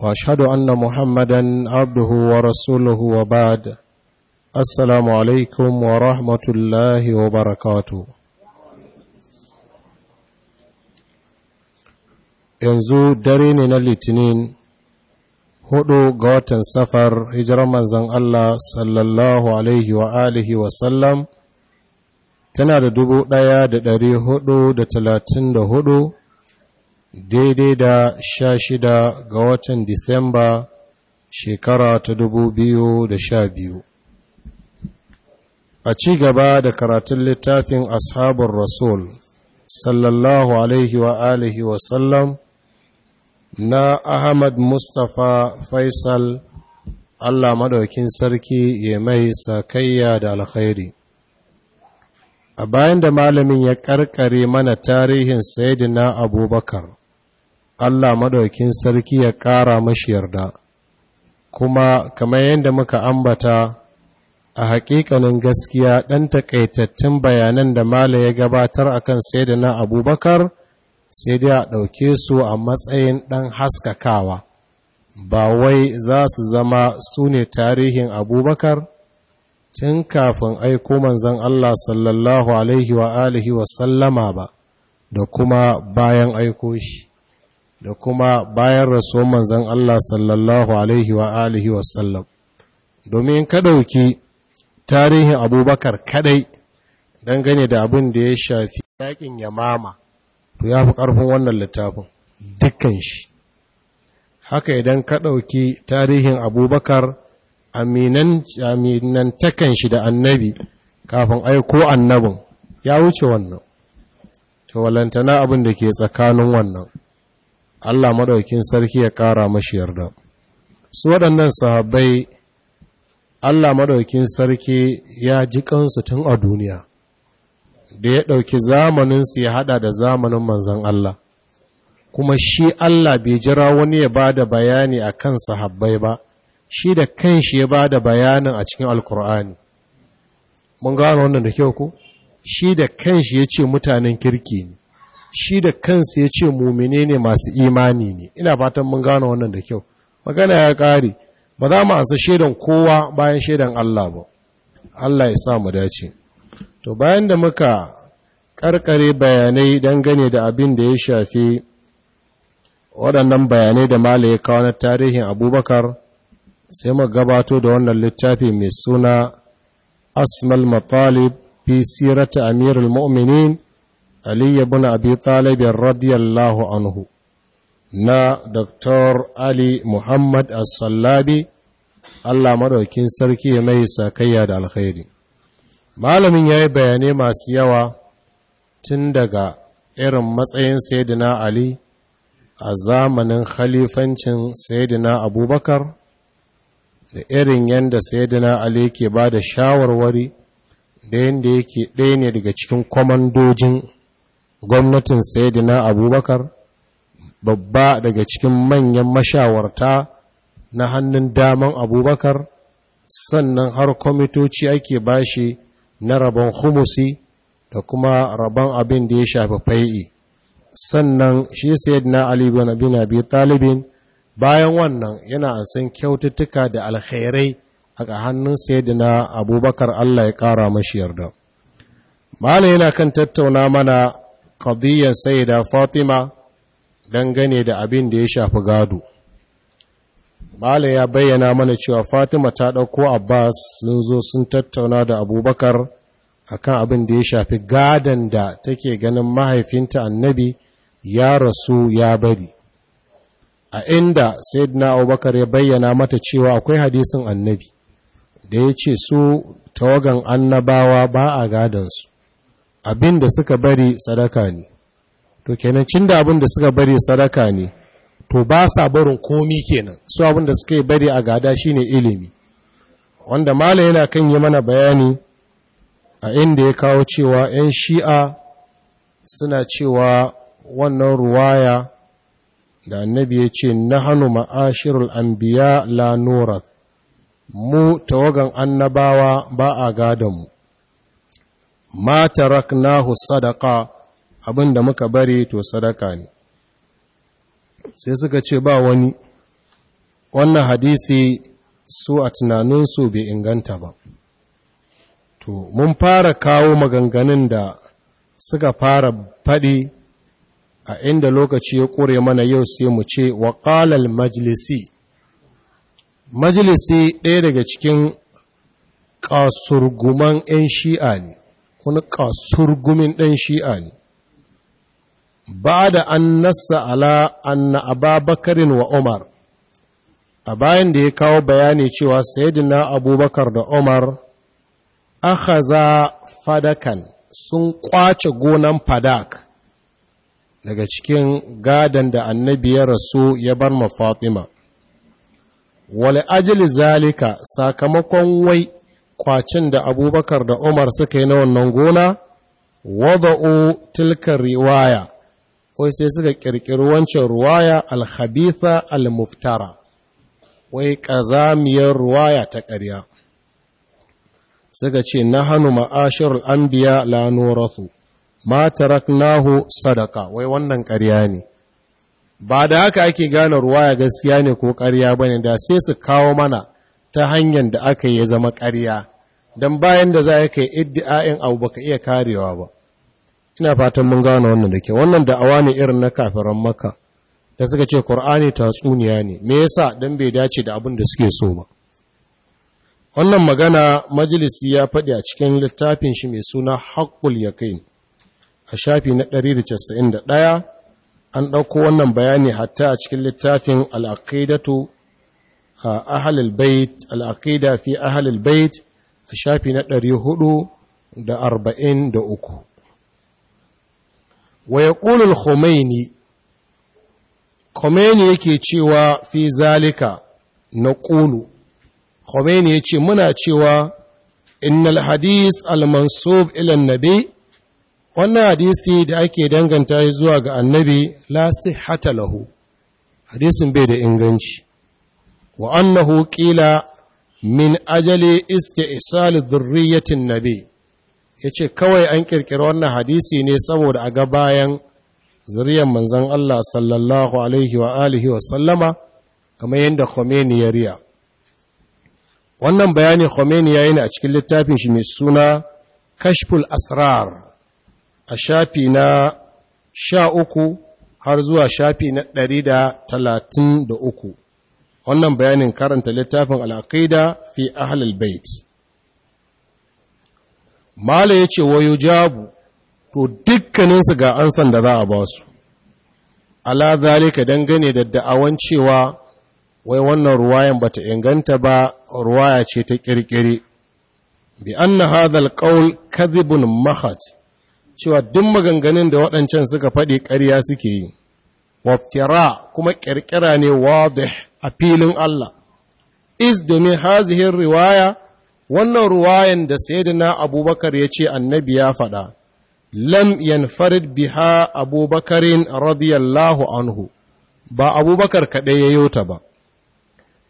واشهد ان محمدا عبده ورسوله وبعد السلام عليكم ورحمه الله وبركاته yanzu dare ne na litinin hudu ga watan safar hijirar manzan Allah sallallahu alaihi wa alihi tana da dubu daya da dari hudu da talatin da hudu daidai da sha shida ga watan Disamba shekara ta dubu biyu da sha biyu. A ci gaba da karatun littafin Ashabar Rasul, sallallahu Alaihi wa Alihi sallam, na Ahmad Mustapha Faisal, Allah Maɗaukin Sarki ya mai sakayya da alkhairi. A bayan da malamin ya ƙarƙare mana tarihin Sayyidina Abubakar, Allah madaukin sarki ya ƙara mashi yarda kuma kamar yadda muka ambata a haƙiƙanin gaskiya ɗan takaitattun bayanan da mala ya gabatar akan na abubakar sai dai a ɗauke su a matsayin ɗan haskakawa ba wai za su zama su ne tarihin abubakar tun kafin aiko manzan Allah sallallahu Alaihi wa alihi ba da kuma bayan aiko shi da kuma bayan raso manzan Allah sallallahu alaihi wa alihi wasallam domin ka ɗauki tarihin abubakar kadai dangane da abin da ya shafi yakin yamama to ya fi ƙarfin wannan littafin dukkan shi haka idan ka ɗauki tarihin abubakar aminantakan shi da annabi kafin aiko annabin ya wuce wannan to walantana abin da ke tsakanin wannan Allah madaukin sarki ya ƙara mashi yarda su waɗannan sahabbai Allah maɗaukin sarki ya ji kansu tun a duniya da ya ɗauki zamaninsu ya haɗa da zamanin manzan Allah kuma shi Allah bai jira wani ya bada bayani a kan sahabbai ba shi da kanshi ya bada bayanin a cikin alkur'ani mun gano wannan da kyau ko shi da kanshi ya ce mutanen kirki ne shi da kansa ya ce mumine ne masu imani ne ina fatan mun gano wannan da kyau magana ya ƙare ba za mu ansa shaidan kowa bayan shaidan Allah ba Allah ya sa mu dace to bayan da muka karkare bayanai dangane da abin da ya shafi waɗannan bayanai da mala ya kawo na tarihin abubakar sai mu gabato da wannan littafi mai suna asmal matalib fi sirata amirul mu'minin Aliyu bin Abi Talib radiyallahu anhu na Dr. Ali Muhammad as Allah maɗaukin sarki mai sakayya da alkhairi malamin ya yi bayanai masu yawa tun daga irin matsayin sayyidina Ali a zamanin khalifancin sayyidina Abubakar da irin yanda sayyidina Ali ke ba da shawarwari da yake ɗaya ne daga cikin kwamandojin gwamnatin sayyidina abubakar babba daga cikin manyan mashawarta na hannun daman abubakar sannan har kwamitoci ake bashi na rabon humusi da kuma rabon abin da ya shafi fai'i sannan shi sayyidina ali abin abin talibin bayan wannan yana san kyaututtuka da alkhairai a hannun sayyidina abubakar Allah ya kara mashi yarda malai yana kan tattauna mana sai da fatima dangane da abin da ya shafi gado Bala ya bayyana mana cewa fatima ta ɗauko abbas sun zo sun tattauna da abubakar akan abin da ya shafi gadon da take ganin mahaifinta annabi ya rasu ya bari a inda sayyidina abubakar ya bayyana mata cewa akwai hadisin annabi da ya ce su tawagan annabawa ba a gadansu abin da suka bari sadaka ne to kenan cin da abin da suka bari sadaka ne to ba sa barin komi kenan su abin da suka bari a gada shine ilimi wanda mala yana kan yi mana bayani a inda ya kawo cewa 'yan shi'a suna cewa wannan ruwaya da annabi ya ce na hannu ma'ashirul an la lanurat mu tawagan annabawa ba a gadonmu ma taraknahu sadaka abinda muka bari to sadaka ne sai suka ce ba wani wannan hadisi su a tunaninsu bai inganta ba to mun fara kawo maganganun da suka fara faɗi a inda lokaci ya ƙure mana yau sai mu ce wa ƙalal Majlisi majalisi ɗaya daga cikin ƙasurguman 'yan shi'a ne wani gumin ɗan shi'a ne ba da an nasa ala anna ababakarin wa umar a bayan da ya kawo bayani cewa na abubakar da umar akhaza fadakan sun kwace gonan fadak daga cikin gadon da annabi ya rasu ya bar ma wale ajali zalika sakamakon wai kwacin da abubakar da umar suka yi na wannan gona wada'u tilkar riwaya wai sai suka ƙirƙiri wancan ruwaya alhabitha almuftara wai ƙazamiyar ruwaya ta ƙarya suka ce na hannu ma'ashir al’ambiya la nuratu ma taraknahu sadaka wai wannan ƙarya ne ba da haka ake gane ruwaya gaskiya ne ko ƙarya ne da sai su kawo mana ta hanyar da aka yi zama ƙariya don bayan da za a yi iddi'a'in abu baka iya karewa ba ina fatan mun gano wannan da ke wannan da awa ne irin na kafiran maka da suka ce Kur'ani tatsuniya ne me yasa don bai dace da abin da suke so ba wannan magana majalisi ya faɗi a cikin littafin shi mai suna ya kai a shafi na ɗari da da casa'in ɗaya, an ɗauko wannan bayani hatta a cikin littafin al a bait al-aqida fi ahlul bait a shafi na ɗari hudu da arba'in da uku. al-khumaini Khomeini yake cewa fi zalika na ƙulu, Khomeini ya ce muna cewa innal hadis al-mansub ilan nabi, wannan hadisi da ake danganta zuwa ga annabi la sihhata lahu, hadisin bai da inganci. wa annahu qila min ajali isti'sal dhurriyyatin nabi yace kawai an kirkiri wannan hadisi ne saboda a ga bayan zuriyar manzon Allah sallallahu alaihi wa alihi wa sallama kamar yadda Khomeini ya riya wannan bayani Khomeini ya yi ne a cikin littafin shi mai suna Kashful Asrar a shafi na sha uku har zuwa shafi na ɗari da talatin da uku wannan bayanin karanta littafin al’aƙida fi ahalil bait mala ce wayo jabu to dukkaninsu ga an san da za a ba su ala zalika dangane da da'awan cewa wai wannan ruwayan ta inganta ba ruwaya ce ta ƙirƙiri. bi an na hadha alqawl kazibun mahad cewa duk maganganun da waɗancan suka faɗi ƙarya suke yi waftira kuma ƙirƙira ne wadih a filin Allah is domin hazihin riwaya wannan ruwayan da sayyidina abubakar ya ce annabi ya faɗa lam yanfarid biha abubakarin radiyallahu anhu ba abubakar kaɗai ya yota ba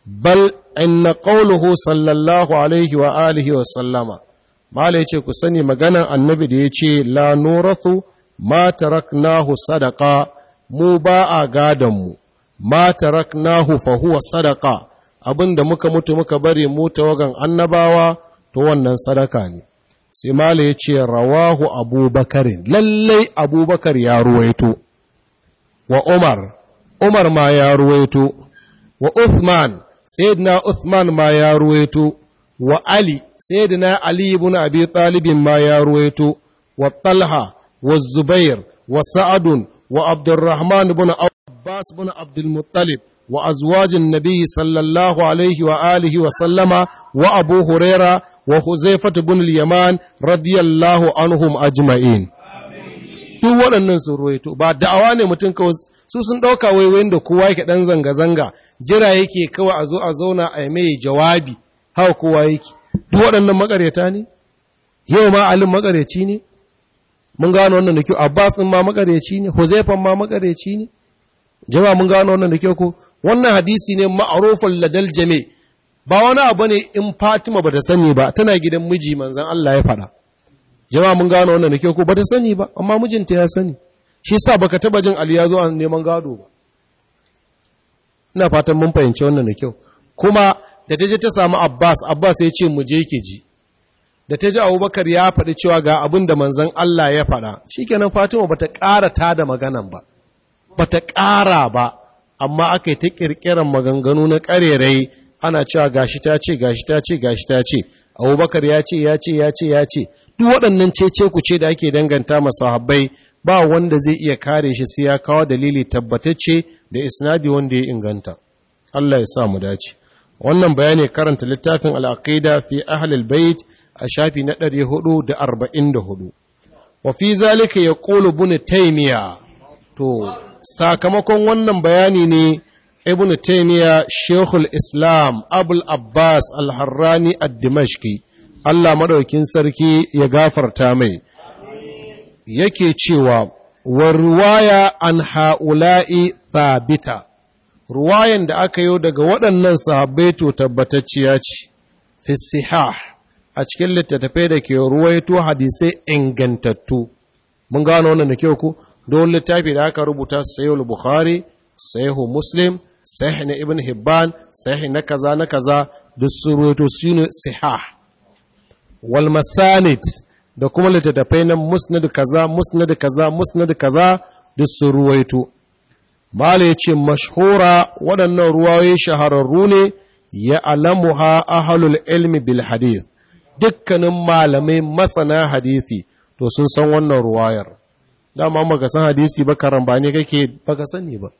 bal inna qawluhu sallallahu alaihi wa alihi wa sallama mala yace ku sani maganan annabi da yace la nurathu ma taraknahu sadaka mu ba a gadonmu. mu ma taraknahu fa huwa sadaqa abinda muka mutu muka bari mu tawagan annabawa to wannan sadaka ne sai malai yace rawahu abubakarin lallai abubakar ya ruwaito wa umar umar ma ya ruwaito wa uthman sayyidina uthman ma ya ruwaito wa ali sayyidina ali ibn abi talib ma ya ruwaito wa talha wa zubair wa sa'adun wa abdurrahman ibn Abbas bin Abdul Muttalib wa azwajin Nabi sallallahu alaihi wa alihi wa sallama wa Abu Huraira wa Huzaifatu bin Yaman radiyallahu anhum ajma'in duk waɗannan sun ruwaito ba da'awa ne mutum kawai su sun ɗauka waiwayin da kowa yake ɗan zanga-zanga jira yake kawai a zo a zauna a mai jawabi haka kowa yake duk waɗannan makaryata ne yau ma alin makaryaci ne mun gano wannan da kyau abbas ma makaryaci ne huzaifan ma makaryaci ne jama'a mun gano wannan da ke ku wannan hadisi ne ma'arufin ladal jami ba wani abu ne in fatima ba ta sani ba tana gidan miji manzan Allah ya faɗa jama'a mun gano wannan da ke ku ba ta sani ba amma mijinta ya sani shi sa baka taba jin ali ya zo a neman gado ba ina fatan mun fahimci wannan da kyau kuma da ta je ta samu abbas abbas ya ce mu je ke ji da ta ji abubakar ya faɗi cewa ga abin da manzan Allah ya faɗa kenan fatima ba ta ƙara ta da maganan ba ba ta ƙara ba amma aka yi ta ƙirƙirar maganganu na ƙarerai ana cewa gashi ta ce gashi ta ce gashi ta ce abubakar ya ce ya ce ya ce ya ce duk waɗannan cece ku ce da ake danganta masu habbai ba wanda zai iya kare shi sai ya kawo dalili tabbatacce da isnadi wanda ya inganta Allah ya sa mu dace wannan bayani karanta littafin al-aqida fi ahlil bait a shafi na 444 wa fi zalika yaqulu ibn taymiya to sakamakon wannan bayani ne ibn taymiya shehul islam abul abbas al-harrani ad-dimashqi Allah madaukin sarki ya gafarta mai yake cewa wa ruwaya an haula'i thabita ruwayan da aka yi daga waɗannan sahabbai to tabbatacciya ce fi sihah a cikin littattafai da ke ruwaito hadisai ingantattu mun gano wannan da kyau ko don littafi da aka rubuta sayul bukhari sahihu muslim sahih na ibn hibban sahih na kaza na kaza da sun ruwaito sihah wal masanid da kuma littattafai na musnad kaza musnad kaza musnad kaza da sun ruwaito mala yace mashhura waɗannan ruwaye shahararru ne ya alamuha ahlul ilmi bil hadith dukkanin malamai masana hadisi to sun san wannan ruwayar dama baka san hadisi ba karambane kake baka sani ba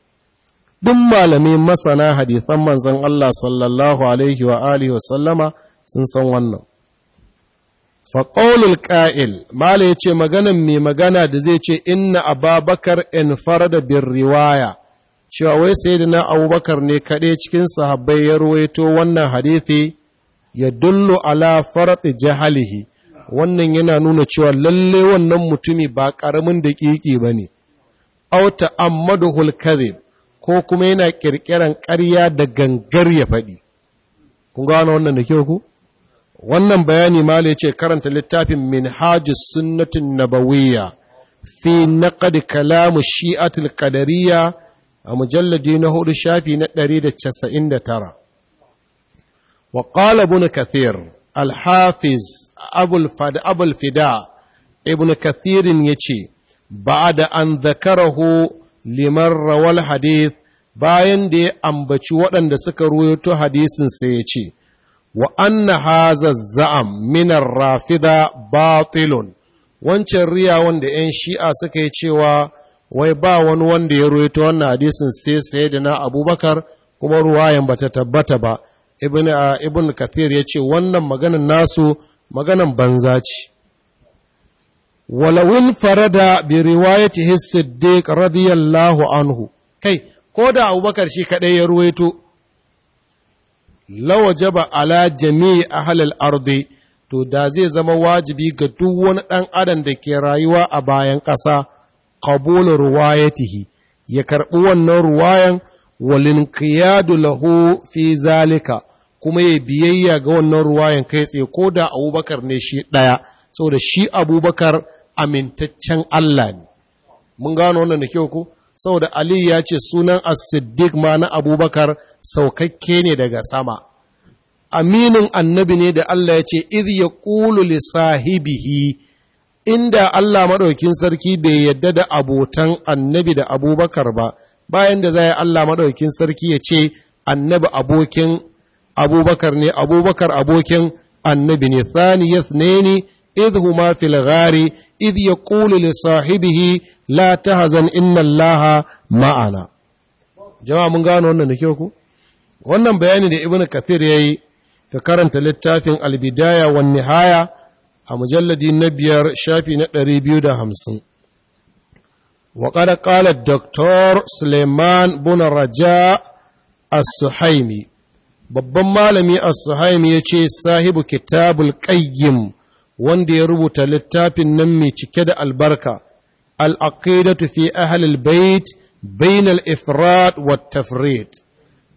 duk malamai masana hadisan manzon Allah sallallahu alaihi wa alihi wa sallama sun san wannan fa ƙa'il, qa'il mala yace maganan mai magana da zai ce inna ababakar in farada bir riwaya cewa wai sayyidina abubakar ne kaɗai cikin sahabbai ya ruwaito wannan hadisi ya dullu ala farati jahalihi wannan yana nuna cewa lalle wannan mutumi ba ƙaramin da ƙiƙi ba ne, auta amadu hulkari ko kuma yana ƙirƙiran ƙarya da gangar ya faɗi. Kun gano wannan da kyau ku? Wannan bayani mala ya ce karanta littafin min hajjis sunnatin nabawiyya fi naqad kalamu shi'atul qadariyya a mujalladi na hudu shafi na 199. Wa qala ibn kathir Alhafiz Abul Fida Ibn Kathirin ya ce, Ba da an zakarahu liman rawal hadith bayan da ya ambaci waɗanda suka ruwaito hadisin sai ya ce, Wa anna haza za'am minar rafida batilun, wancan riya wanda ‘yan shi'a suka yi cewa wai ba wani wanda ya ruwaito wannan hadisin sai sai da na abubakar kuma ruwayan ba ta tabbata ba. ibn ibn kathir ya ce wannan maganan nasu maganan banza ce walawin farada bi riwayatihi hisiddiq radiyallahu anhu kai ko da abubakar shi kadai ya ruwaito lawajaba ala jami'i halal ardi to da zai zama wajibi ga duk wani ɗan adam da ke rayuwa a bayan ƙasa qabulu ruwayatihi ya karɓi wannan ruwayan walin kiyadu lahu fi zalika kuma ya biyayya ga wannan ruwayan kai tse ko da abubakar ne shi ɗaya saboda shi abubakar amintaccen Allah ne mun gano wannan da kyau ko saboda ali ya ce sunan as-siddiq ma na abubakar saukakke ne daga sama aminin annabi ne da Allah ya ce idh yaqulu li sahibihi inda Allah madaukin sarki bai yadda da abotan annabi da abubakar ba bayan da zai Allah madaukakin sarki ya ce annabi abokin abubakar ne abubakar abokin annabi ne thaniyat ne idh huma fil ghari idh yaqulu li sahibihi la tahzan inna allaha ma'ana jama'a mun gano wannan da kyau wannan bayani da ibnu kafir yayi ka karanta littafin albidaya wan nihaya a mujalladi na biyar shafi na ɗari biyu da hamsin وقد قال الدكتور سليمان بن الرجاء السحيمي babban malami as-suhaimi ya ce sahibu kitabul qayyim wanda ya rubuta littafin nan mai cike da albarka al-aqidatu fi ahlil bait bain al-ifrat wa tafrit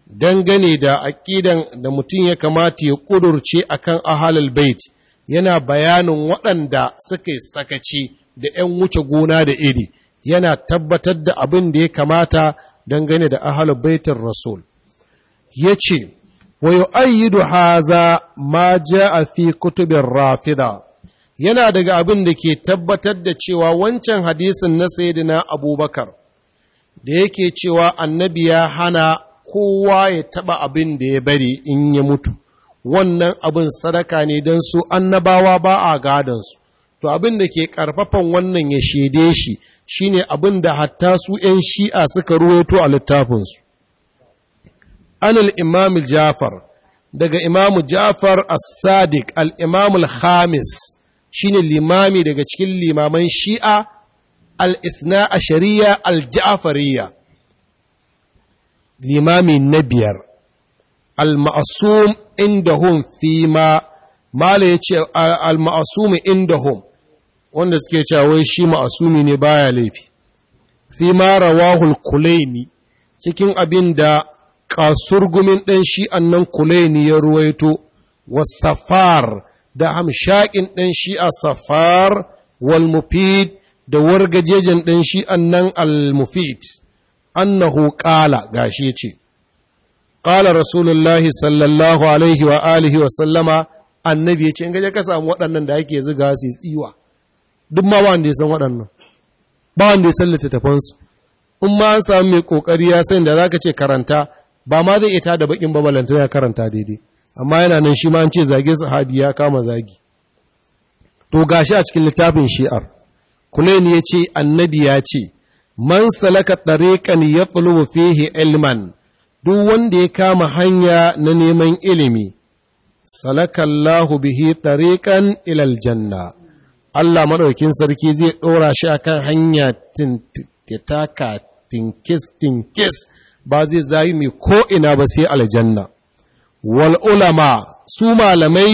dangane da aqidan da mutum ya kamata ya kudurce akan ahli bait yana bayanin waɗanda suka sakaci da 'yan wuce gona da iri yana tabbatar da abin da ya kamata dangane da ahalu baitin rasul ya ce wa yu'ayyidu haza ma a fi kutubin rafida yana daga abin da ke tabbatar da cewa wancan hadisin na na abubakar da yake cewa annabi ya hana kowa ya taba abin da ya bari in ya mutu wannan abin sadaka ne don su annabawa ba a gadansu to abin da ke karfafan wannan ya shaide shi shine abin da hatta su ‘yan shi'a suka ruwaito a littafinsu. Anil imamul Jafar, daga imamu Jafar as-Sadiq al-imamul Hamis shine limami daga cikin limaman shi'a al-isna a shari'a al-Ja'afariya. Limami na biyar, al-ma'asum indahum fima, mala ya ce al-ma'asum indahum wanda suke cewa shi ma'asumi ne baya laifi fi ma rawahul kulaini cikin abin da kasurgumin ɗan shi annan kulaini ya ruwaito wa safar da hamshakin ɗan shi a safar wal mufid da wargajejen ɗan shi annan al mufid annahu qala gashi yace Ƙala rasulullahi sallallahu alaihi wa alihi wa sallama annabi yace in gaje ka samu waɗannan da ake zuga su tsiwa duk ma ba wanda ya san waɗannan ba wanda ya san littattafansu in ma an samu mai kokari ya san da za ka ce karanta ba ma zai ita da bakin babalanta ya karanta daidai amma yana nan shi ma an ce zage sahabi ya kama zagi to gashi a cikin littafin shi'ar ne ya ce annabi ya ce man salaka tariqan yatlubu fihi ilman duk wanda ya kama hanya na neman ilimi salakallahu bihi tariqan ilal janna Allah maɗaukin sarki zai ɗora shi kan hanya taka tinkis-tinkis ba zai zayi mai ko'ina ba sai aljanna. Wal ulama su malamai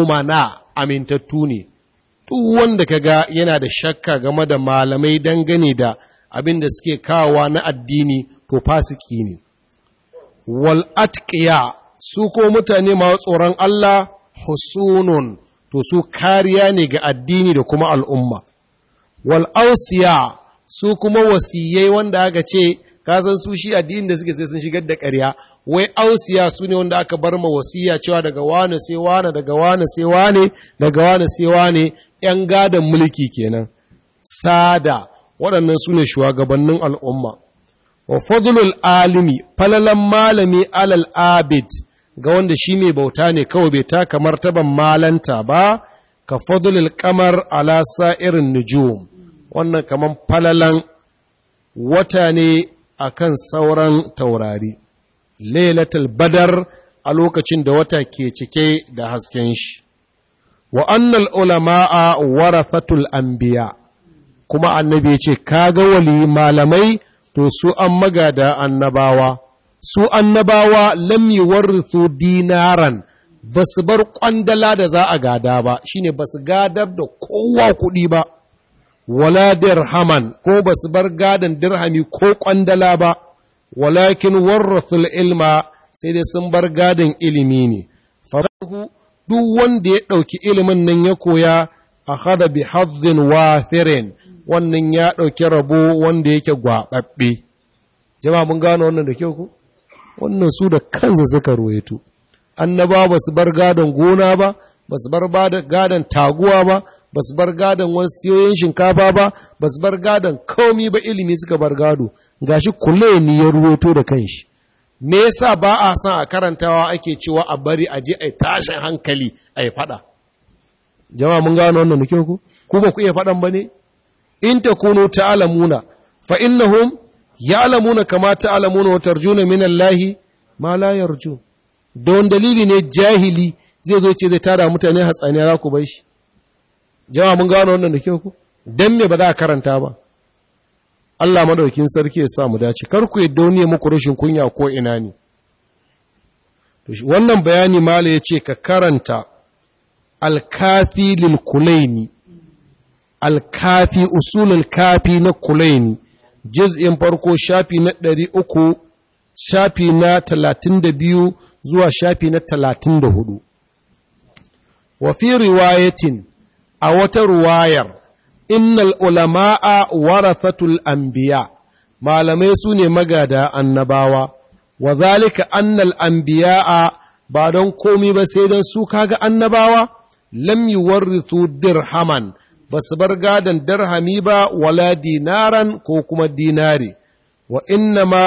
umana amintattu ne, duk wanda ka ga yana da shakka game da malamai dangane da abin da suke kawowa na addini to fasiki ne. Wal atqiya su ko mutane masu tsoron Allah husunun to su kariya ne ga addini da kuma al'umma Wal'ausiya su kuma wasiyai wanda aka ce kasan su shi addini da suke sai sun shigar da ƙarya wai ausiya su ne wanda aka bar ma wasiya cewa daga wane sai wane daga wane sai wane daga wane sai wane ‘yan gadon mulki kenan sada waɗannan su ne shugabannin al'umma wa fadlul alimi falalan malami alal abid ga wanda shi mai bauta ne kawai bai taka martaban malanta ba ka fadlul kamar ala sa'irin nujum wannan kamar falalan wata ne a kan sauran taurari lailatul badar a lokacin da wata ke cike da hasken shi wa annal ulama'a warathatul anbiya kuma annabi ya ce kaga wali malamai to su an magada annabawa su annabawa lam yuwarrithu dinaran ba su bar kwandala da za a gada ba shine ba su gadar da kowa kuɗi ba wala dirhaman ko ba su bar gadan dirhami ko kwandala ba walakin warrathul ilma sai dai sun bar gadin ilimi ne farahu duk wanda ya ɗauki ilimin nan ya koya a hada bi haddin wathirin wannan ya ɗauki rabo wanda yake gwaɓaɓɓe jama'a mun gano wannan da kyau ku wannan su da kansa suka ruwaito annaba ba su bar gadon gona ba ba su bar gadon taguwa ba ba su bar gadon wani siyoyin shinkafa ba ba su bar gadon komi ba ilimi suka bar gado gashi shi ne ya ruwaito da kanshi me yasa ba a san a karantawa ake cewa a bari a je a tashin hankali a yi fada jama'a mun gano wannan da ku ku ba ku iya fadan ba ne in takunu ta'lamuna fa innahum ya'lamuna kama ta'lamuna wa tarjuna min lahi, ma la yarju don dalili ne jahili zai zo ce zai tara mutane hatsaniya za ku bai shi jama mun gano wannan da kyau ku dan me ba za a karanta ba Allah madaukin sarki ya sa mu dace kar ku yadda wani muku rashin kunya ko ina ne wannan bayani mala ya ce ka karanta alkafi lil kulaini alkafi usulul kafi na kulaini juz'in farko shafi na ɗari uku shafi na talatin da biyu zuwa shafi na talatin da hudu wa fi riwayatin a wata ruwayar innal fatul an biya malamai su ne magada annabawa wa zalika annal a ba don komi ba sai don su kaga annabawa lam yuwarrithu dirhaman ba su bar gadon darhami ba wala dinaran ko kuma dinari wa inna ma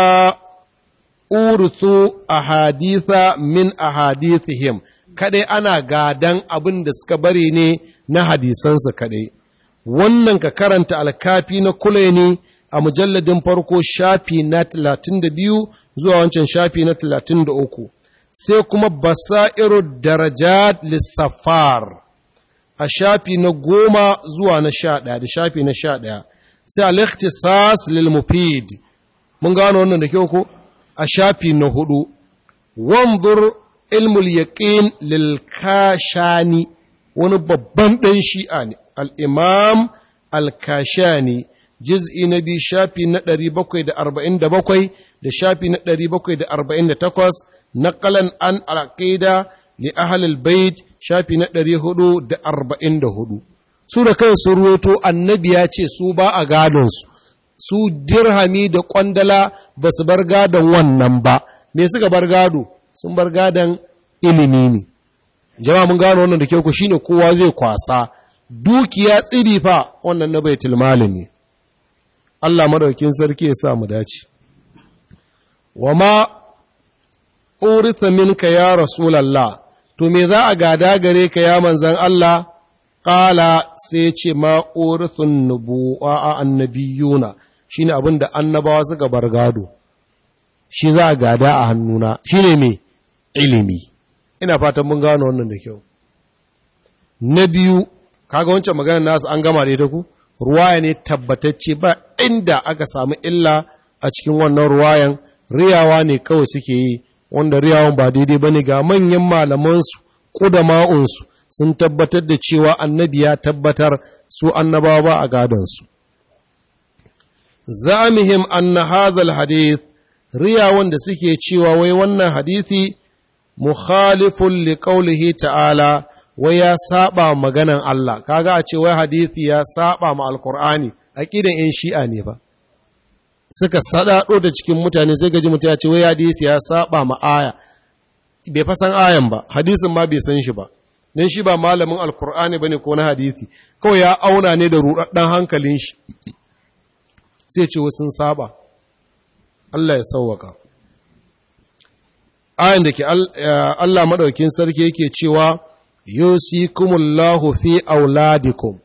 urutsu ahaditha min ahadithihim Kaɗai ana gadan abin da suka bari ne na hadisansa kaɗai. wannan ka karanta alkafi na ne a mujalladin farko shafi na 32 zuwa wancan shafi na 33 sai kuma basairu darajat lissafar a shafi na goma zuwa na sha ɗaya da shafi na sha ɗaya sai al-ikhtisas lil mufid mun gano wannan da kyau ko a shafi na hudu wanzur ilmul yaqin lil kashani wani babban ɗan shi'a ne al-imam al-kashani juz'i na biyu shafi na 747 da shafi na 748 naqalan an al-aqida li ahli al-bait shafi na da da arba'in hudu su da kan ruwato annabi ya ce su ba a gadonsu su dirhami da ƙwandala ba su bar gadon wannan ba me suka bar gado sun bar gadon ilimi ne jama'a mun gano wannan da kyau ku shine kowa zai kwasa dukiya tsiri fa wannan na baitul mali ne Allah madaukin sarki ya sa mu dace Wa wama uritha minka ya rasulallah to me za a gada gare ka ya manzan Allah ƙala sai ce ma urithun a annabiyuna shine abin da annabawa suka bar gado shi za a gada a hannuna shi ne mai ilimi ina fatan mun gano wannan da kyau na biyu kaga wancan maganar nasu an gama da ita ku ruwaya ne tabbatacce ba inda aka samu illa a cikin wannan ruwayan riyawa ne kawai suke yi wanda riyawan ba daidai ba ne ga manyan malamansu ƙudama'unsu sun tabbatar da cewa annabi ya tabbatar su annabawa ba a gadonsu. Zamihim anna hazal hadith riyawan da suke cewa wai wannan hadithi mukhalifun liƙaulihi ta'ala wai ya saba maganan Allah, kaga a ce wai hadithi ya saba ma alkur'ani a ƙidan ‘yan shi'a ne ba. suka sadado da cikin mutane sai gaji mutum ya ce wai hadisi ya saba ma bai fasan ayan ba hadisin ma bai san shi ba dan shi ba malamin alkur'ani bane ko na hadisi kawai ya auna ne da rudaddan hankalin shi sai ce wasu sun saba Allah ya sauwaka ayan da ke Allah madaukin sarki yake cewa yusikumullahu fi auladikum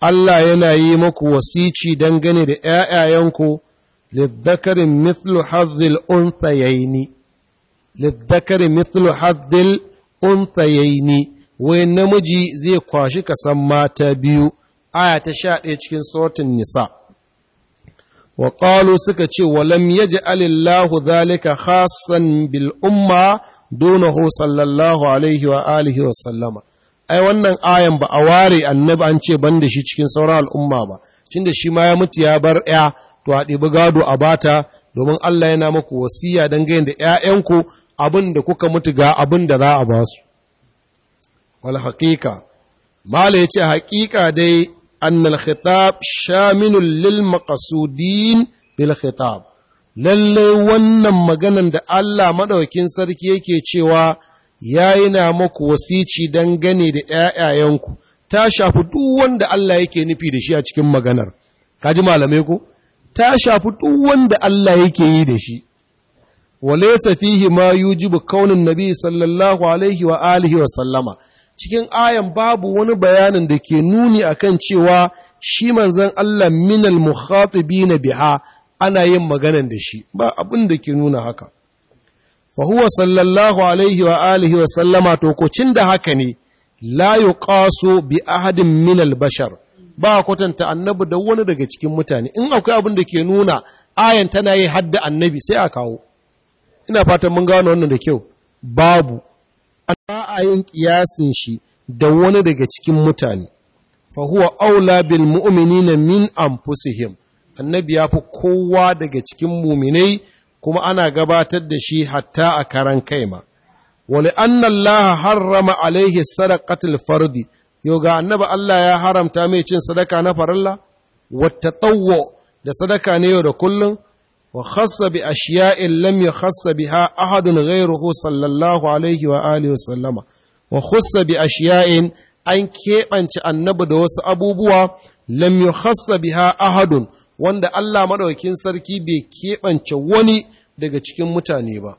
Allah yana yi muku wasici dangane da ‘ya'yayenku للذكر مثل حظ الأنثيين للذكر مثل حظ الأنثيين namiji zai kwashi kasan mata biyu aya ta sha ɗaya cikin sautin nisa Wakalu suka ce walam ya ji alillahu zalika hassan bil umma donahu sallallahu alaihi wa alihi wa sallama ai wannan ayan ba a ware annabi an ce ban da shi cikin sauran al'umma ba cin da shi ma ya mutu ya bar ya to a ɗibi gado a bata domin Allah yana maku wasiya gayin da ‘ya'yanku abin da kuka mutu ga abin da za a ba su. Wal haƙiƙa, Mala ya ce haƙiƙa dai annal khitab shaminul lil maqasudin bil khitab. Lallai wannan maganan da Allah maɗaukin sarki yake cewa ya yana maku wasici gani da ‘ya'yayenku, ta shafi duk wanda Allah yake nufi da shi a cikin maganar. Ka ji malamai ku? ta shafi duk wanda Allah yake yi da shi walaysa fihi ma yujibu kaunin nabi sallallahu alaihi wa alihi wa sallama cikin ayan babu wani bayanin da ke nuni akan cewa shi manzon Allah minal mukhatibina biha ana yin maganan da shi ba abin da ke nuna haka fa huwa sallallahu alaihi wa alihi wa sallama to ko da haka ne la yuqasu bi ahadin minal bashar ba kwatanta annabi da wani daga cikin mutane in akwai abin da ke nuna ayan tana yi hadda annabi sai a kawo ina fatan mun gano wannan da kyau babu ba a yin kiyasin shi da wani daga cikin mutane fahuwa huwa aula bil mu'minina min anfusihim annabi ya fi kowa daga cikin muminai kuma ana gabatar da shi hatta a karan kaima wali anna Allah harrama alaihi sadaqatul fardi yau ga annaba Allah ya haramta mai cin sadaka na farilla wata tsawo da sadaka ne yau da kullum wa khassa bi ashiya'in lam yakhassa biha ahadun ghayruhu sallallahu alaihi wa alihi sallama wa khassa bi ashiya'in an keɓance annabi da wasu abubuwa lam yakhassa biha ahadun wanda Allah madaukakin sarki bai keɓance wani daga cikin mutane ba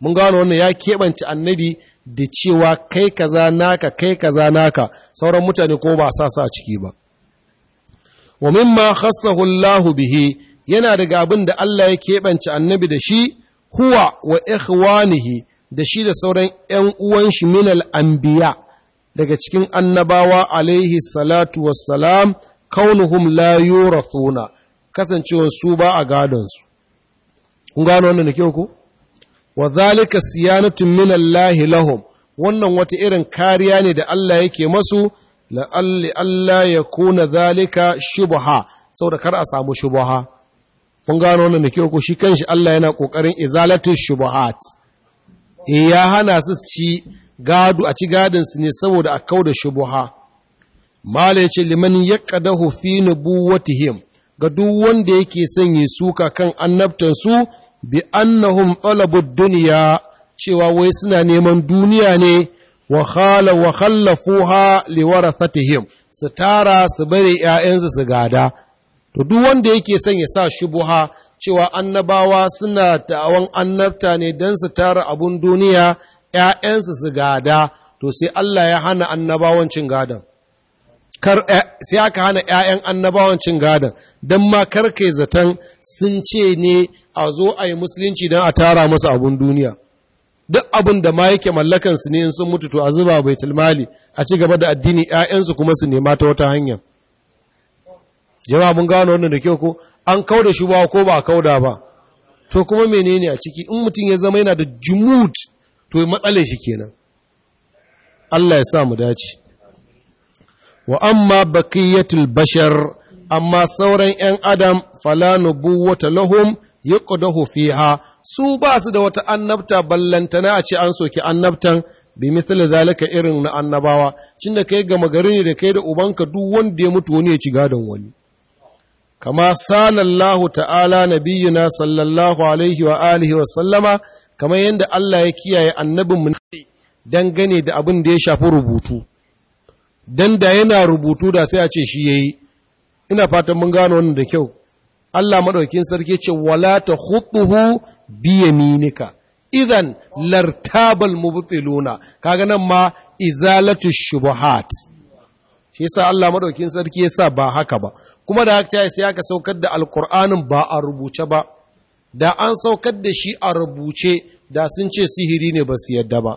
mun gano wannan ya keɓance annabi da cewa kai kaza naka kai kaza naka sauran mutane ko ba sa sa ciki ba wa mimma khassahu Allah bihi yana daga abin da Allah ya keɓance annabi da shi huwa wa ikhwanihi da shi da sauran ‘yan uwan shi minal anbiya daga cikin annabawa alaihi salatu wassalam kaunuhum la yurathuna kasancewar su ba a gadon su. kun gano wannan da kyau ko wa zalika siyanatun min Allah lahum wannan wata irin kariya ne da Allah yake masu la'alli Allah ya kuna zalika shubha saboda kar a samu shubha kun gano wannan da ke ko shi kanshi Allah yana kokarin izalatu shubuhat eh ya hana su ci gado a ci gadin su ne saboda a kauda shubuha mala yace liman yaqadahu fi nubuwatihim ga duk wanda yake sanye suka kan annabtan su bi annahum talabu duniya cewa wai suna neman duniya ne wa khala wa khallafuha su tara su bari ƴaƴansu su gada to duk wanda yake son ya sa shubuha cewa annabawa suna ta'awan annabta ne don su tara abun duniya ‘ya'yansu su gada, to sai Allah ya hana annabawan cin kar eh, Sai aka hana ‘ya'yan annabawan cin gadon, dan ma karke zaton sun ce ne a zo a yi musulunci don a tara masa abun duniya duk abin da ma yake su ne sun mutu to a zuba bai tilmali a ci gaba da addini 'ya'yansu kuma su nema ta wata hanya jama'a mun gano wannan da kyau ko an kauda shi ba ko ba a kauda ba to kuma menene a ciki in mutum ya zama yana da jumud to matsalar shi kenan Allah ya sa mu dace wa amma baqiyatul bashar amma sauran 'yan adam fala nubuwwata lahum yuqdahu fiha su ba su da wata annabta ballantana a ce an soki annabtan bi misali zalika irin na annabawa cinda kai gama gari ne da kai da ubanka duk wanda ya mutu wani ya ci gadon wani kama sallallahu ta'ala nabiyyina sallallahu alaihi wa alihi wa sallama Kama yadda Allah ya kiyaye annabin mu dangane da abin da ya shafi rubutu dan da yana rubutu da sai a ce shi yayi ina fatan mun gano wannan da kyau Allah maɗaukin sarki ce wala ta hutuhu minika, idan lartabal ka kaga nan ma izalatu shubuhat shi yasa Allah maɗaukin sarki ya sa ba haka ba kuma da haka sai aka saukar da alkur'anin ba a rubuce ba da an saukar da shi a rubuce da sun ce sihiri ne ba su yadda ba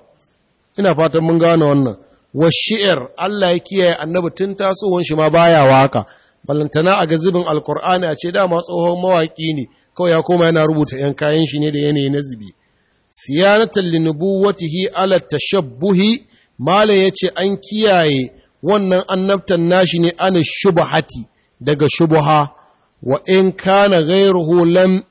ina fatan mun gane wannan wa shi'ir Allah ya kiyaye annabi tun tasowar shi ma baya waka ballantana a gazibin alkur'ani a ce dama tsohon mawaƙi ne kawai ya koma yana rubuta ‘yan kayan shi ne da yanayi na zibi wata hi ala tashabbuhi Malam ya ce an kiyaye wannan annabtan nashi ne an hati daga shubuha wa in kana ghairuhu lam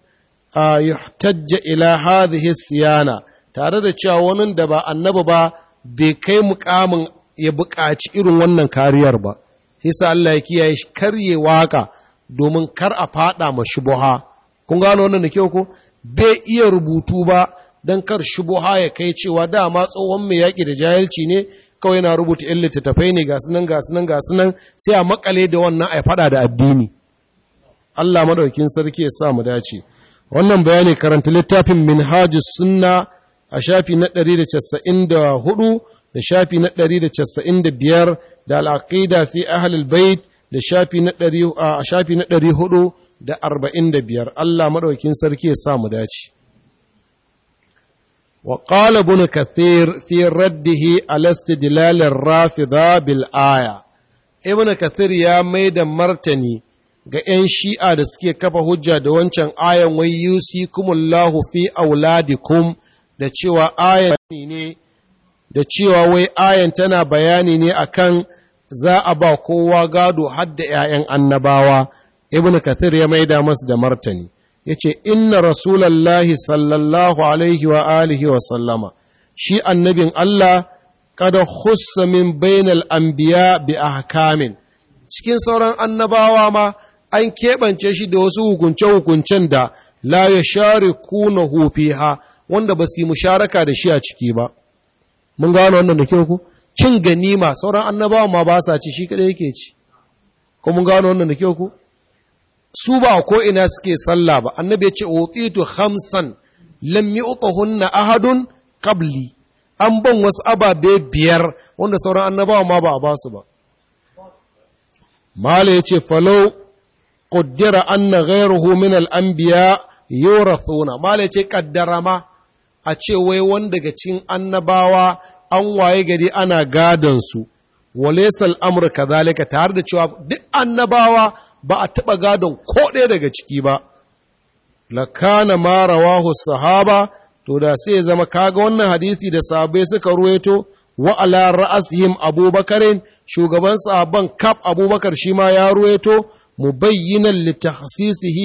yuhtajja ila hadhihi siyana tare da cewa wani da ba annabi ba bai kai mukamin ya buƙaci irin wannan kariyar ba Hisa Allah ya kiyaye karye waka domin kar a fada ma shubuha kun gano wannan da kyau ko bai iya rubutu ba don kar shubuha ya kai cewa dama tsohon mai yaƙi da jahilci ne kawai yana rubuta yan littattafai ne gasu nan gasu nan gasu nan sai a makale da wannan a fada da addini Allah madaukin sarki ya sa mu dace wannan bayani karanta littafin minhajus sunna a shafi na 194 da shafi na ɗari da al'aqida fi ahlul bait da shafi na 100 a shafi na da biyar. Allah maɗaukin sarki ya sa mu dace wa qala ibn kathir fi raddihi ala istidlal rafida bil aya ibn kathir ya maida martani ga 'yan shi'a da suke kafa hujja da wancan ayan wai yusi kumullahu fi auladikum da cewa ayan ne da cewa wai ayan tana bayani ne akan za a ba kowa gado hadda ‘ya'yan annabawa, Ibn Kathir ya maida masu da martani, ya ce, Inna Rasulallahi sallallahu alaihi wa alihi wa sallama, shi annabin Allah kada hussa min bainal anbiya bi ahkamin cikin sauran annabawa ma an keɓance shi da wasu hukunce-hukuncen da la ya share kuna hufiha wanda ba su yi musharaka da shi a ciki ba. mun gano wannan da kyau ko cin ganima sauran annabawa ma ba sa ci shi kadai yake ci ko mun gano wannan da kyau ko su ba ko ina suke sallah ba annabi ya ce utitu khamsan lam yu'tahunna ahadun qabli an ban wasu ababe biyar wanda sauran annabawa ma ba a ba su ba mala ya ce falau qaddara anna min al-anbiya yurathuna mala ya ce kaddara ma a ce wai wanda daga cikin annabawa an waye gari ana gadon su Amurka, zalika kazalika tare da cewa duk annabawa ba a taɓa gadon ko ɗaya daga ciki ba lakana ma rawahu sahaba to da sai ya zama kaga wannan hadisi da sahabbai suka ruwaito wa ala ra'asihim abubakarin shugaban sahabban kaf abubakar shi ma ya ruwaito mubayyinan li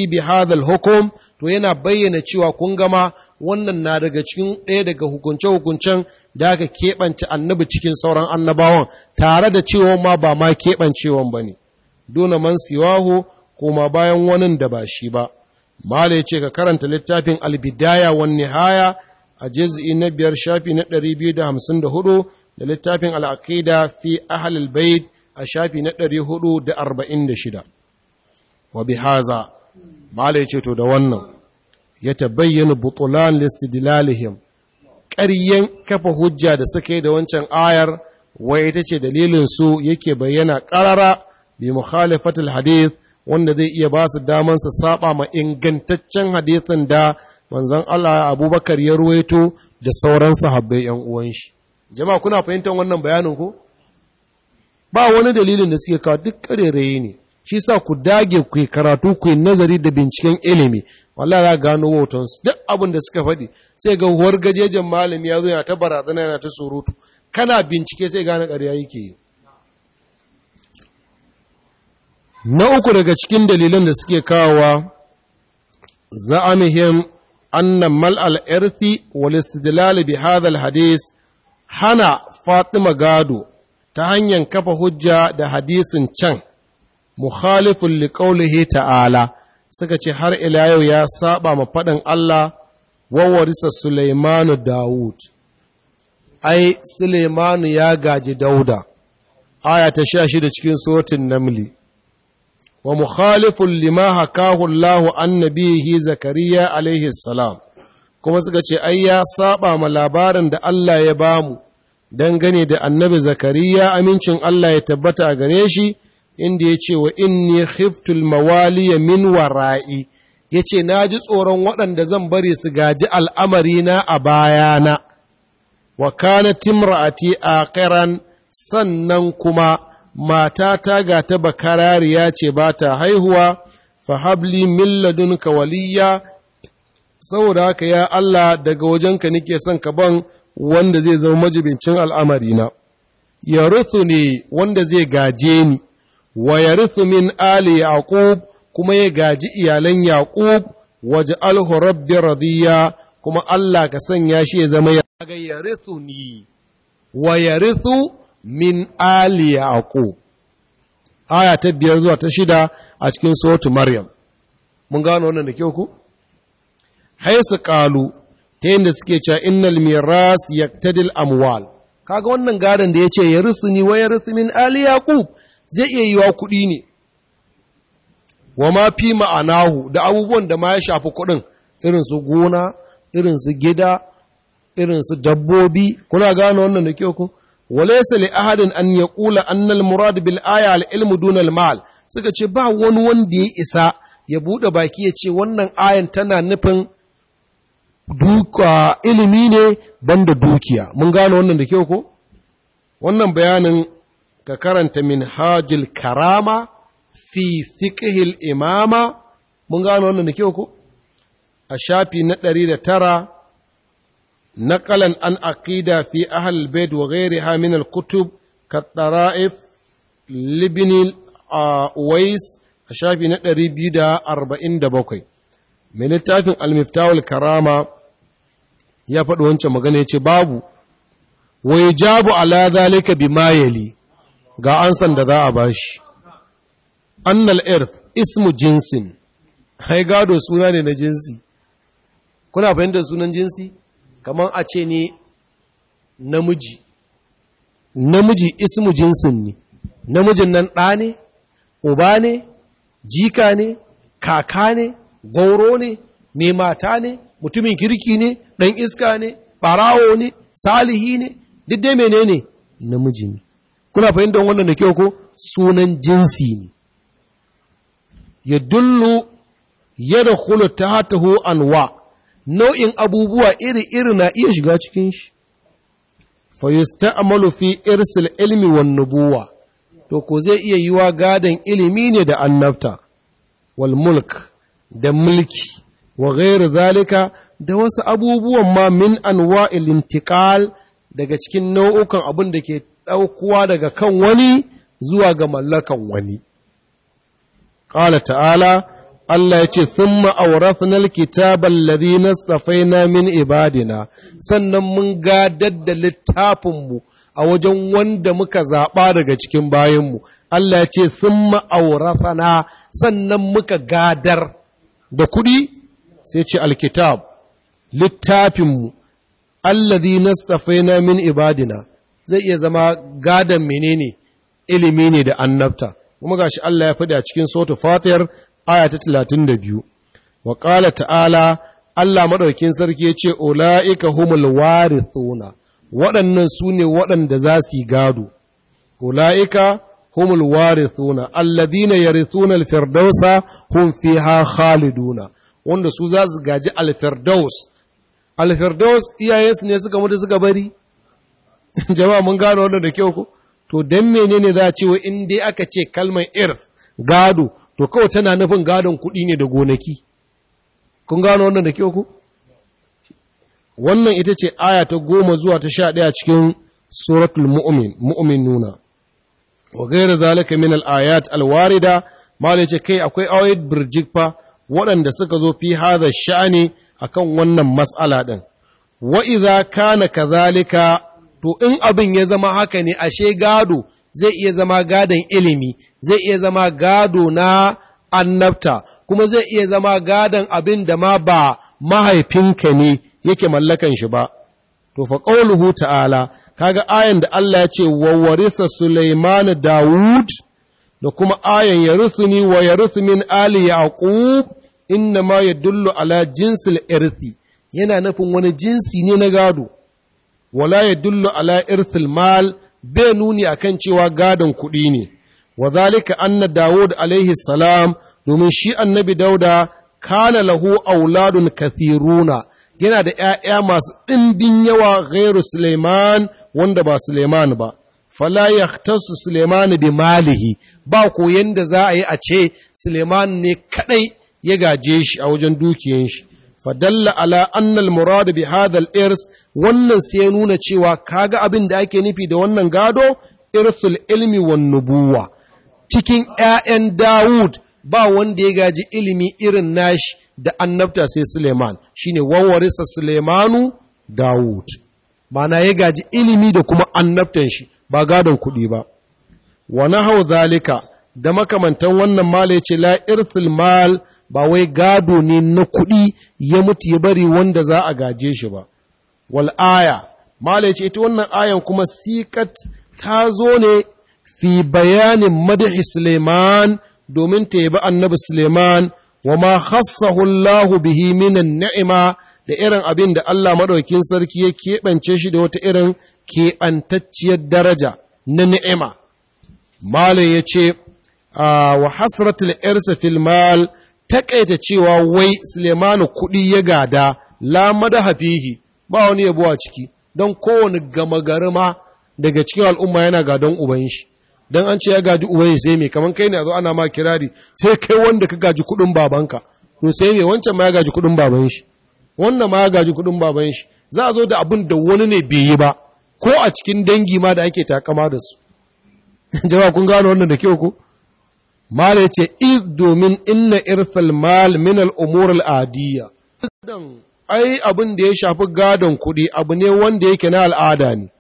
bi hadha hukum to yana bayyana cewa kun gama wannan na daga cikin ɗaya daga hukunce-hukuncen da aka keɓance annabi cikin sauran annabawan tare da cewa ma ba ma keɓancewan ba ne duna man siwahu kuma bayan wani da ba shi ba mala ce ka karanta littafin albidaya wani haya a juz'i na biyar shafi na 254 da littafin al'aqida fi ahalil bait a shafi na 446 wa bihaza mala ce to da wannan ya tabayyana butulan listidilalihim ƙaryen kafa hujja da suka yi da wancan ayar wai ita ce dalilin su yake bayyana ƙarara bi mukhalifatul hadith wanda zai iya ba su daman su saba ma ingantaccen hadithin da manzon Allah Abubakar ya ruwaito da sauran sahabbai yan uwan shi jama'a kuna fahimtar wannan bayanin ko ba wani dalilin da suke kawo duk ƙarerayi ne shi sa ku dage ku karatu ku nazari da binciken ilimi wallahi za gano wautansu duk abin da suka faɗi sai ga huwar gajejen malami ya zo yana ta barazana yana ta surutu kana bincike sai gane ƙarya yake yi na uku daga cikin dalilan da suke kawowa za'amihim anna mal al-irthi wal istidlal bi hadal hadis hana fatima gado ta hanyar kafa hujja da hadisin can mukhalifun liqaulihi ta'ala suka ce har ila yau ya saba ma faɗin Allah wawarisa Sulaimanu Dawud ai Sulaimanu ya gaji Dauda aya ta sha shida cikin sotin namli wa mukhalifun lima hakahu Allahu annabihi Zakariya alaihi salam kuma suka ce ai ya saba ma labarin da Allah ya bamu dangane da annabi Zakariya amincin Allah ya tabbata a gare shi inda ya ce wa inni khiftul mawaliya min wara'i ya ce na ji tsoron waɗanda zan bari su gaji al'amarina a bayana wa kana timra'ati a ƙiran sannan kuma matata ga ta bakarariya ce ba ta haihuwa fahabli milladunka waliyya, saboda haka ya Allah daga wajenka nake son ka ban wanda zai zama majibincin al'amarina ya ne wanda zai gaje ni wa yarithu min ali yaqub kuma ya gaji iyalan yaqub alhu rabbi radiya kuma Allah ka sanya shi ya zama ya ni, wa yarithu min ali yaqub aya ta biyar zuwa ta shida a cikin Sotu maryam mun gano wannan da kyau ku haisu qalu ta yadda suke cewa innal miras yaktadil amwal kaga wannan gadon da yace ni wa yaris min ali yaqub zai iya yiwa kuɗi ne wa ma fi ma'anahu da abubuwan da ma ya shafi kuɗin irin gona irin gida irin dabbobi kuna gano wannan da kyau Wale su li ahadin an ya kula annal murad bil aya al’ilmu ilmu dunal mal suka ce ba wani wanda ya isa ya buɗe baki ya ce wannan ayan tana nufin duka ilimi ne banda dukiya mun gano wannan da kyau ko wannan bayanin ka karanta min hajjil karama fi fiƙihil imama mun gano wannan da kyau ku a shafi na ɗari da tara na ƙalan an aƙida fi ahal bed wa gairi haminal kutub ka ɗara'if libinil a a shafi na ɗari biyu da arba'in da bakwai mai littafin almiftawul karama ya faɗi wancan magana ya ce babu wai jabu ala zalika bi mayali ga ansan da za a ba shi. annal earth ismu jinsin hai gado suna ne na jinsi kuna fahimtar sunan jinsi kamar a ce ne namiji namiji ismu jinsin ne namijin nan ɗa ne uba ne jika ne kaka ne gauro ne mai mata ne mutumin kirki ne ɗan iska ne ɓarawo ne salihi ne duk dai menene namiji ne kuna fahimtar wannan da kyau ko sunan jinsi ne ya dullu ya da kula ta hatahu anwa nau'in abubuwa iri-iri na iya shiga cikin shi fayusta amalu fi irsil ilmi wan nubuwa to ko zai iya yiwa gadon ilimi ne da annabta wal mulk da mulki wa ghairu zalika da wasu abubuwan ma min anwa'il intiqal daga cikin nau'ukan abin da ke ɗaukuwa daga kan wani zuwa ga mallakan wani. Ƙala ta'ala, Allah ya ce, Sun ma'auratunar kitabar lalina na min ibadina, sannan mun gadar da littafinmu a wajen wanda muka zaɓa daga cikin bayanmu. Allah ya ce, Sun ma'auratana sannan muka gadar da kuɗi, sai ce alkitab, littafinmu, allazi na min ibadina. zai iya zama gadon menene ilimi ne da annabta kuma gashi Allah ya fadi a cikin suratul fatiyar aya ta 32 wa qala ta'ala Allah maɗaukin sarki ya ce ulaika humul warithuna waɗannan su ne waɗanda za su yi gado ulaika humul warithuna alladhina yarithuna alfirdausa hum fiha khaliduna wanda su za su gaji alfirdaus alfirdaus iyayensu ne suka mutu suka bari jama'a mun gano wannan da kyau ko to dan menene za a ce wa in dai aka ce kalmar irf gado to kawai tana nufin gadon kuɗi ne da gonaki kun gano wannan da kyau ko wannan ita ce aya ta goma zuwa ta sha ɗaya cikin suratul mu'min mu'min nuna wa gaira zalika min al-ayat al-warida da ce kai akwai ayat birjikfa waɗanda suka zo fi hadha sha'ani akan wannan mas'ala din wa idza kana kadhalika to in abin ya zama haka ne ashe gado zai iya zama gadon ilimi zai iya zama gado na annabta kuma zai iya zama gadon abin da ma ba mahaifinka ne yake mallakan shi ba to fa qauluhu ta'ala kaga ayan da Allah ya ce wa warisa Sulaiman Dawud da kuma ayan yarithuni wa yarith min ali yaqub inma ma yadullu ala jinsil irthi yana nufin wani jinsi ne na gado wala ya dullu ala irthil mal bai nuni akan cewa gadon kuɗi ne wa zalika anna dawud alaihi salam domin shi annabi dauda kana lahu auladun kathiruna yana da ‘ya'ya masu ɗimbin yawa gairu Suleiman wanda ba Suleiman ba, fala yahtasu Suleiman bi malihi, ba ko yanda za a yi a ce Suleiman ne kadai ya gaje shi a wajen dukiyan shi, fadalla ala annal muradu bi hadal irs wannan sai ya nuna cewa kaga abin da ake nufi da wannan gado irsul ilmi wan nubuwa cikin 'ya'yan Dawud ba wanda ya gaji ilimi irin nashi da annabta sai Suleiman shine wawarisa Suleimanu Dawud mana ya gaji ilimi da kuma annabtan shi ba gadon kuɗi ba wa nahau zalika da makamantan wannan mala yace la irthul mal ba wai gado ne na kuɗi ya mutu ya bari wanda za a gaje shi ba wal aya mala ce ita wannan ayan kuma Sikat ta zo ne fi bayanin madahi suleiman domin ta yabi annabi suleiman wa ma hassahu. Allahu bihi minan ni'ima da irin abin da Allah maɗaukin sarki ya keɓance shi da wata irin keɓantacciyar daraja na ni'ima. Malam ya ce, ah, wa hasratul irsa fil mal taƙaita cewa wai Sulemanu kuɗi ya gada la hafihi ba wani yabo a ciki don kowane gama gari daga cikin al'umma yana gadon uban shi don an ce ya gaji uban shi sai mai kamar kai ne a zo ana ma kirari sai kai wanda ka gaji kuɗin babanka to sai me wancan ma ya gaji kuɗin baban shi wannan ma ya gaji kuɗin baban shi za a zo da abin da wani ne bai yi ba ko a cikin dangi ma da ake takama da su jama'a kun gane wannan da kyau ko Mala ya ce, iz domin inna irsal mal min al'umur al'adiyya. Ai, abin da ya shafi gadon kuɗi abu ne wanda yake na al'ada ne,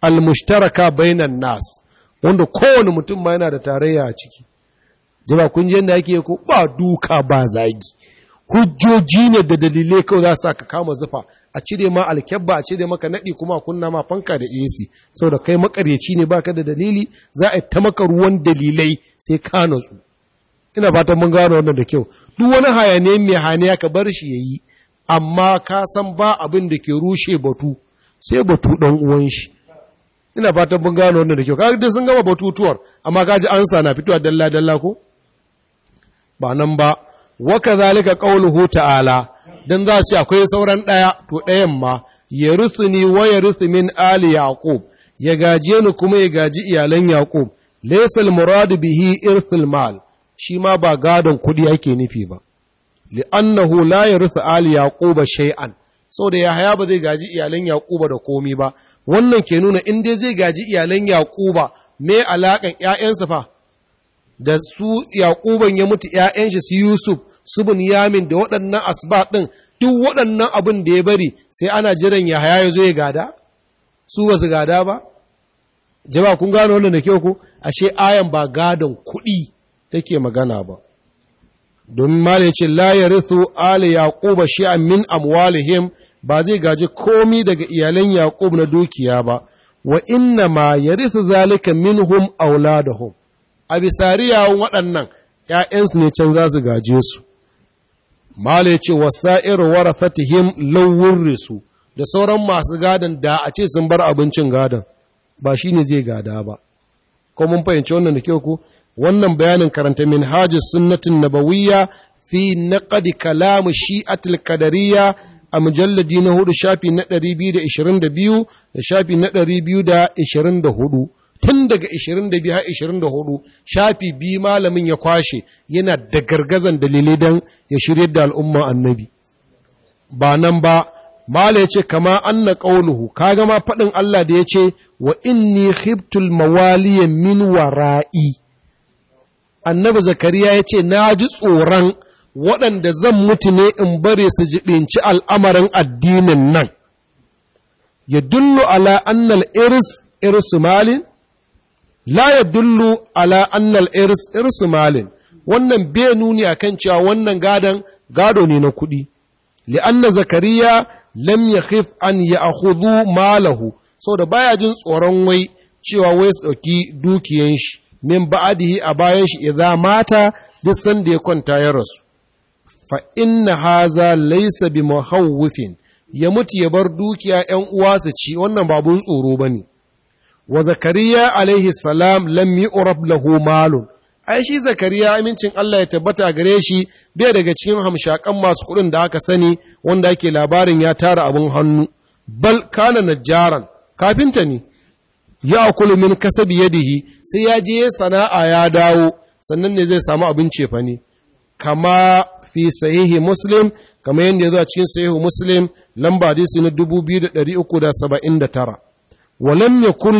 al-mushtaraka bainan nas, wanda kowane mutum ma yana da tarayya a ciki. Jama kun ji da yake ko ba duka ba zagi. Hujjoji ne da dalilai kawai za su ka kama zufa a cire ma alkyabba a cire maka naɗi kuma kunna ma fanka da AC saboda kai makaryaci ne baka da dalili za a ta maka ruwan dalilai sai ka natsu ina fatan mun gano wannan da kyau duk wani hayane mai haniya ka bar shi yayi amma ka san ba abin da ke rushe batu sai batu dan uwan shi ina fatan mun gano wannan da kyau kaga dai sun gama batutuwar amma kaji ansa na fitowa dalla dalla ko ba nan ba wa kadhalika qawluhu ta'ala don za su akwai sauran ɗaya to ɗayan ma ya ni wa ya min ali yaqub ya gaje ni kuma ya gaji iyalan yaqub laysal muradu bihi irthul mal shi ma ba gadon kuɗi ake nufi ba annahu la rusu ali yaquba shay'an saboda yahaya ba zai gaji iyalan yaquba da komi ba wannan ke nuna in dai zai gaji iyalan yaquba me alakan ƴaƴansa fa da su yaquban ya mutu 'yayan shi su yusuf su yamin da waɗannan asba ɗin duk waɗannan abin da ya bari sai ana jiran ya haya ya zo ya gada su ba su gada ba Jaba kun gano wannan da kyau ko ashe ayan ba gadon kuɗi take magana ba Don mala ya ce la yarithu ali yaquba shay'an min amwalihim ba zai gaji komi daga iyalan yaqub na dukiya ba wa inna ma yarithu zalika minhum hum a bisariya waɗannan ‘ya'yansu ne can za su gaje su, mala ya ce wara warafatihim lawun risu da sauran masu gadon da a ce sun bar abincin gadon ba shi ne zai gada ba ko mun fahimci wannan da kyau ku wannan bayanin karanta min hajji sunnatin nabawiyya fi ƙadi kalamu shi'atul qadariyya a mujalladi na hudu shafi na 222 da shafi na 224 tun daga 25 har 24 shafi bi malamin ya kwashe yana da gargazan dalilai don ya shirya da al'umma annabi ba nan ba mala yace kama na ƙaunuhu, ka gama faɗin Allah da ya ce wa inni hiftul mawaliya min wara'i annabi zakariya ya ce na ji tsoron waɗanda zan mutu ne in bare su jibinci al'amarin addinin nan ya dullu ala annal iris irisu malin la ya dullu ala annal irs irsu malin wannan bai nuni akan cewa wannan gadon gado ne na kuɗi li'anna zakariya lam khif an akhudhu malahu saboda baya jin tsoron wai cewa wai su ɗauki dukiyan shi min ba'adihi a bayan shi idza mata duk sanda ya kwanta ya rasu fa inna haza laysa bi muhawwifin ya mutu ya bar dukiya 'yan uwa su ci wannan babun tsoro bane wa zakariya alaihi salam lam yu'rab lahu malun ai shi zakariya amincin Allah ya tabbata a gare shi bai daga cikin hamshakan masu kuɗin da aka sani wanda ake labarin ya tara abin hannu bal kana najjaran kafinta ne ya kulu min kasabi yadihi sai ya je sana'a ya dawo sannan ne zai samu abin cefa ne kama fi sahihi muslim kama yadda ya zo a cikin sahihi muslim lamba hadisi na 2379 ولم يكن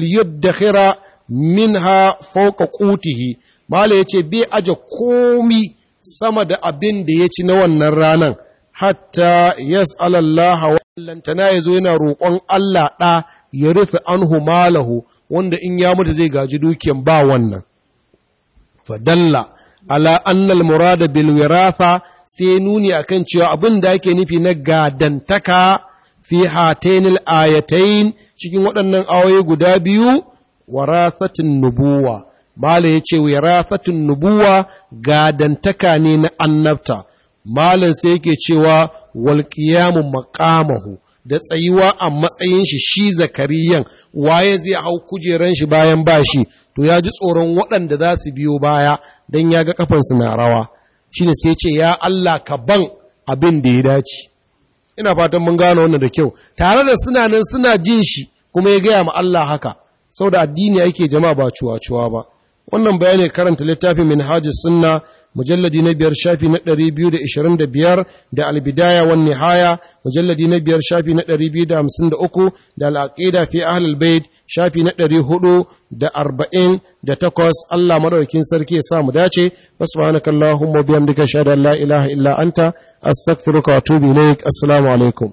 ليدخر منها فوق قوته mala ya ce bai aje komi sama da abin da ya ci na wannan ranar hatta yas alallaha wallantana ya zo yana roƙon Allah ɗa ya rufe anhu malahu wanda in ya mutu zai gaji dukiyan ba wannan fadalla ala annal murada bil wirafa sai nuni akan cewa abin da ake nufi na gadantaka fi hatainil ayatain cikin waɗannan ayoyi guda biyu warafatun nubuwa Malam ya ce warafatun nubuwa gadantaka ne na annabta Malam sai yake cewa walƙiyamun maƙamahu da tsayuwa a matsayin shi shi zakariyan waye zai hau kujeran shi bayan bashi? to ya ji tsoron waɗanda za su biyo baya don ya ga kafansu na rawa shine sai ce ya Allah ka ban abin da ya dace ina fatan mun gano wannan da kyau tare da suna nan suna jin shi kuma ya gaya ma Allah haka saboda addini ake jama'a ba cuwa-cuwa ba wannan bayani karanta littafin minhajus sunna mujalladi na biyar shafi na ɗari biyu da ishirin da biyar da albidaya wan nihaya mujalladi na biyar shafi na ɗari biyu da hamsin da uku da al'aƙida fi ahlul bait shafi na ɗari hudu da arba'in da takwas Allah maɗaukin sarki ya sa mu dace subhanakallahumma bihamdika duka la ilaha illa anta astaghfiruka wa atubu ne assalamu alaikum